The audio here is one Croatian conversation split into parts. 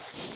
a ne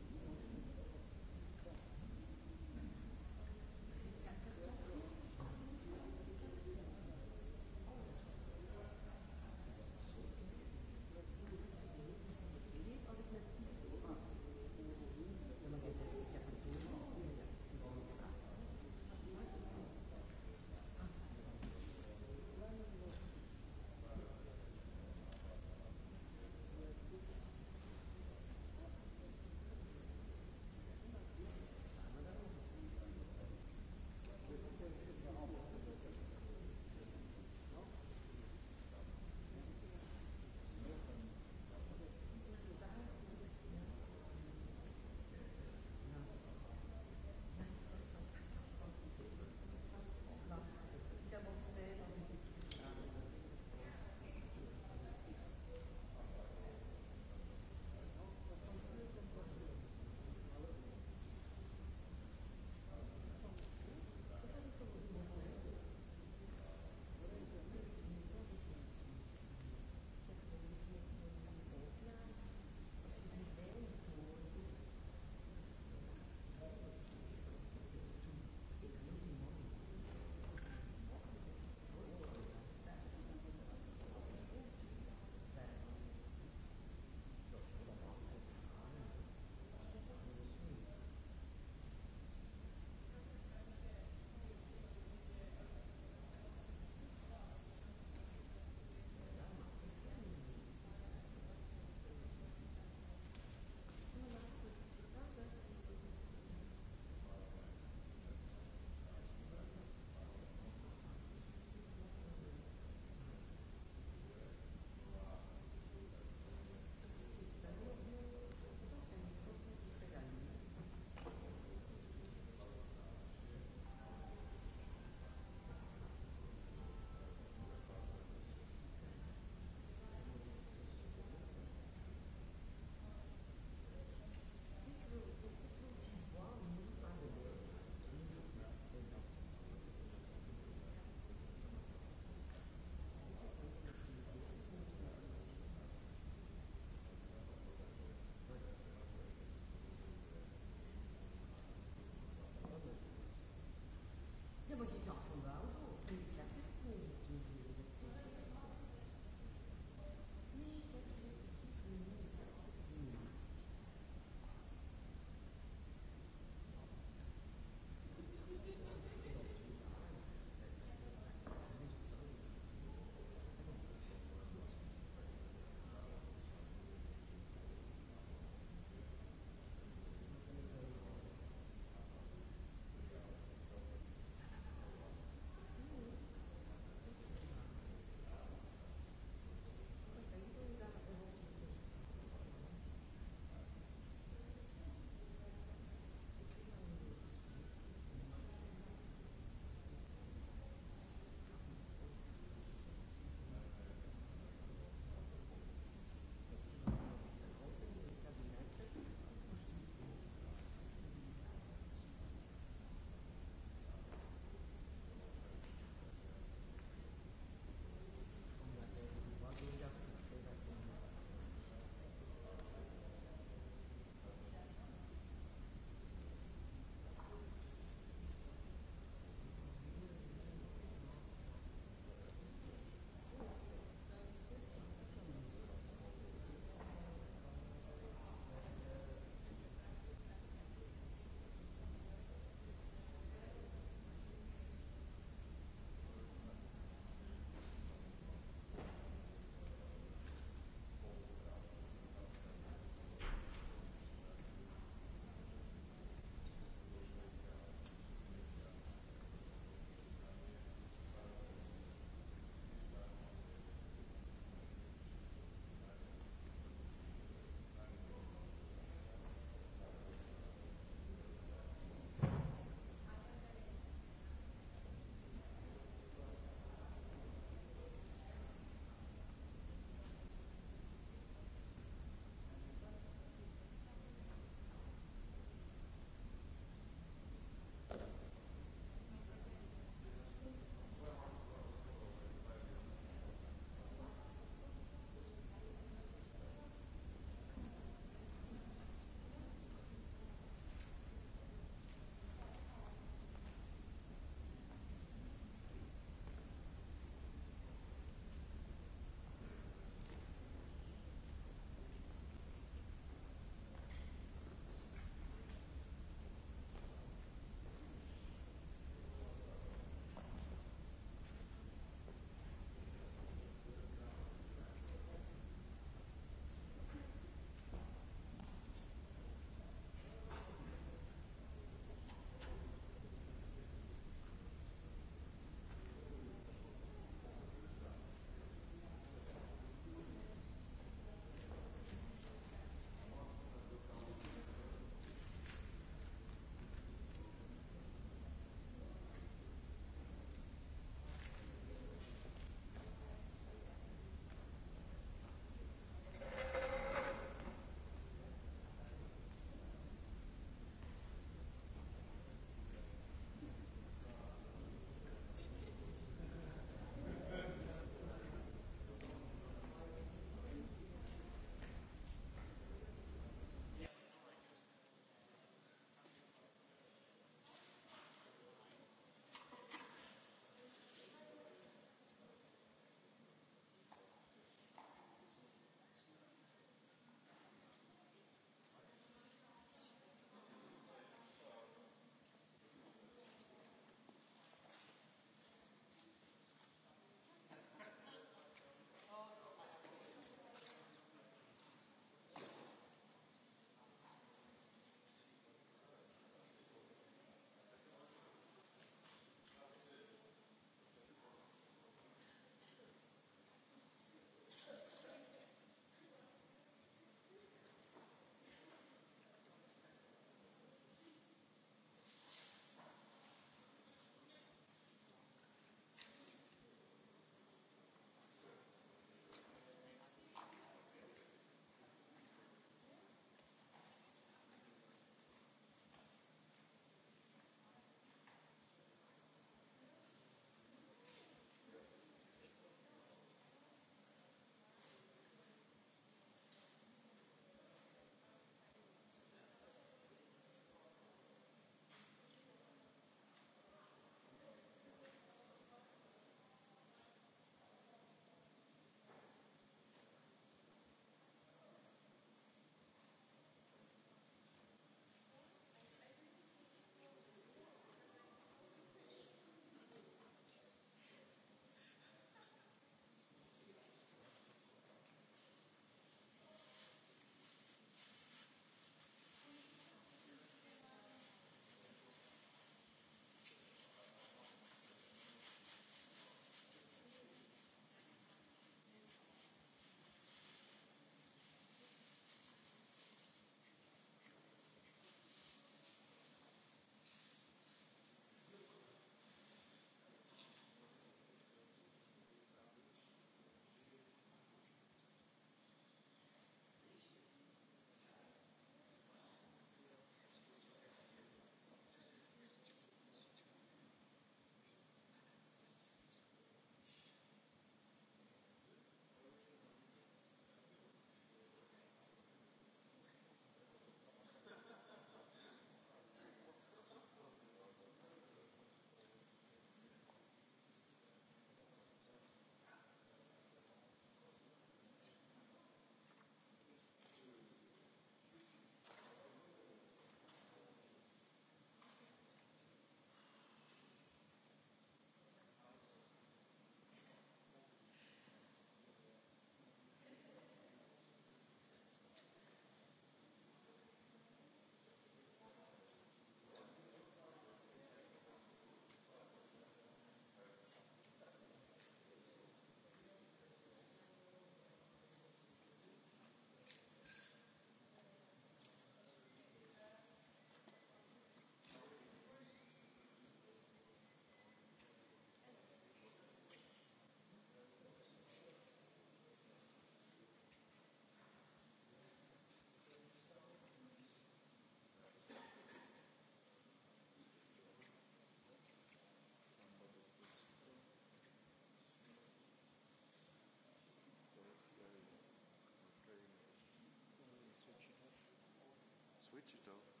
Wichita